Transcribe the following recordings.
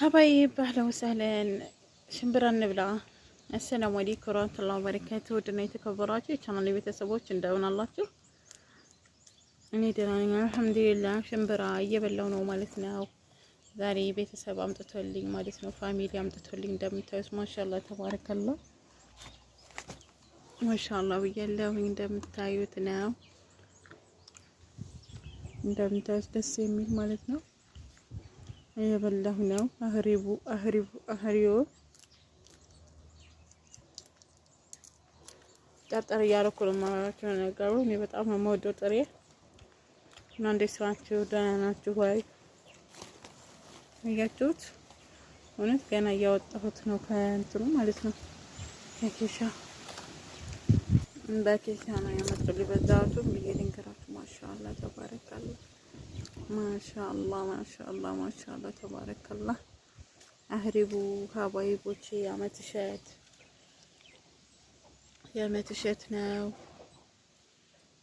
ሀባይ ባህለ ወሰህለን ሽምብራ እንብላ። አሰላሙ አለይኩም ወራህመቱላሂ ወበረካቱ። ውድና የተከበራችሁ የቻናል ቤተሰቦች እንደምን አላችሁ? እኔ ደህና ነኝ አልሐምዱሊላህ። ሽምብራ እየበላው ነው ማለት ነው። ዛሬ ቤተሰብ አምጥቶልኝ ማለት ነው፣ ፋሚሊ አምጥቶልኝ እንደምታዩት ማሻአላህ ተባረከላህ፣ ማሻአላህ ብያለሁ። እንደምታዩት ነው፣ እንደምታዩት ደስ የሚል ማለት ነው እየበላሁ ነው። አህሪቡ አህሪቡ አህሪዮ ጠርጠር እያደረኩ ነው የማወራቸው ነገሩ። እኔ በጣም የምወደው ጥሬ እና እንዴት ስራችሁ ደህና ናችሁ ወይ? እያችሁት እውነት ገና እያወጣሁት ነው ከእንትኑ ማለት ነው ከኬሻ በኬሻ ነው ያመጡልኝ። በዛቱም ብዬ ልንገራችሁ ማሻአላ ተባረካለሁ። ማሻአላ ማሻአላ ማሻአላ ተባረከላ። አህሪቡ ሀባይቦቼ የአመት እሸት የአመት እሸት ነው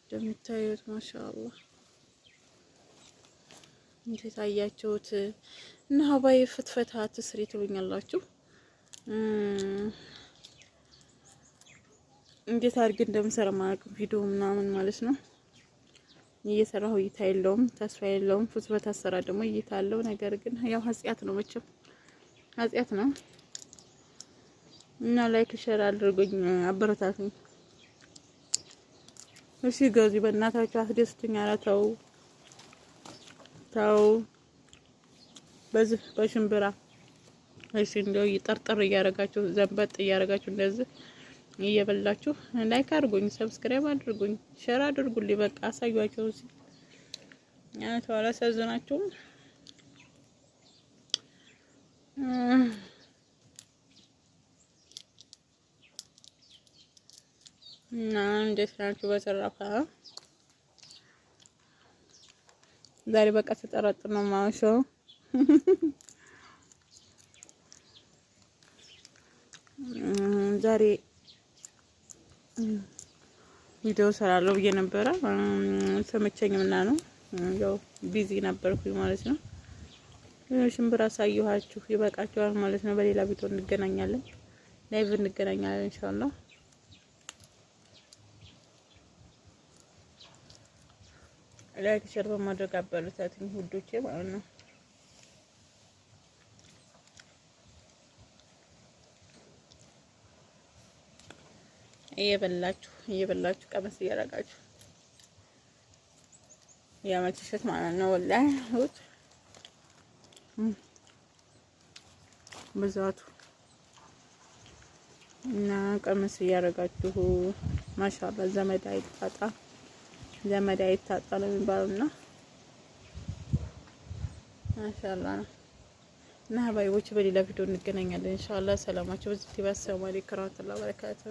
እንደምታዩት። ማሻአላ እንዴት አያችሁት? እና ሀባይ ፍትፈታ ትስሪ ትሉኛላችሁ። እንዴት አድርግ እንደምሰራ ማቅ ቪዲዮ ምናምን ማለት ነው እየሰራሁ እይታ የለውም፣ ተስፋ የለውም። ፉት በታሰራ ደግሞ እይታ አለው። ነገር ግን ያው ኃጢአት ነው መቼም ኃጢአት ነው እና ላይክ ሼር አድርጉኝ፣ አበረታቱኝ። እሺ ገዙ፣ በእናታችሁ አስደስቱኝ። ኧረ ተው ተው፣ በዚህ በሽምብራ እሺ፣ እንደው ይጠርጥር እያረጋችሁ ዘንበጥ እያረጋችሁ እንደዚህ እየበላችሁ ላይክ አድርጉኝ፣ ሰብስክራይብ አድርጉኝ፣ ሼር አድርጉልኝ። በቃ አሳዩአቸው። እዚህ ያንተ አላሳዝናችሁም። እና እንዴት ናችሁ? በተረፈ ዛሬ በቃ ተጠራጥር ነው ማውሾ ዛሬ ቪዲዮ ሰራለሁ ብዬ ነበረ ሰመቸኝ ምና ነው ያው ቢዚ ነበርኩኝ ማለት ነው። ሽምብራ ሳየኋችሁ ይበቃችኋል ማለት ነው። በሌላ ቪዲዮ እንገናኛለን፣ ላይቭ እንገናኛለን ኢንሻአላህ። ላይክ ሸር በማድረግ አበረታቱኝ ውዶቼ ማለት ነው። እየበላችሁ እየበላችሁ ቀመስ እያደረጋችሁ ያመቸሸት ማለት ነው። ወላሂ ውጭ ብዛቱ እና ቀመስ እያደረጋችሁ ማሻአላ ዘመድ አይታጣ ዘመድ አይታጣ ነው የሚባለው እና ማሻአላ ነው። እና ሀባይቦች በሌላ ቪዲዮ እንገናኛለን። ኢንሻአላ ሰላማችሁ በዚህ ቲባስ ሰማሌ ክራቱላ በረካቱ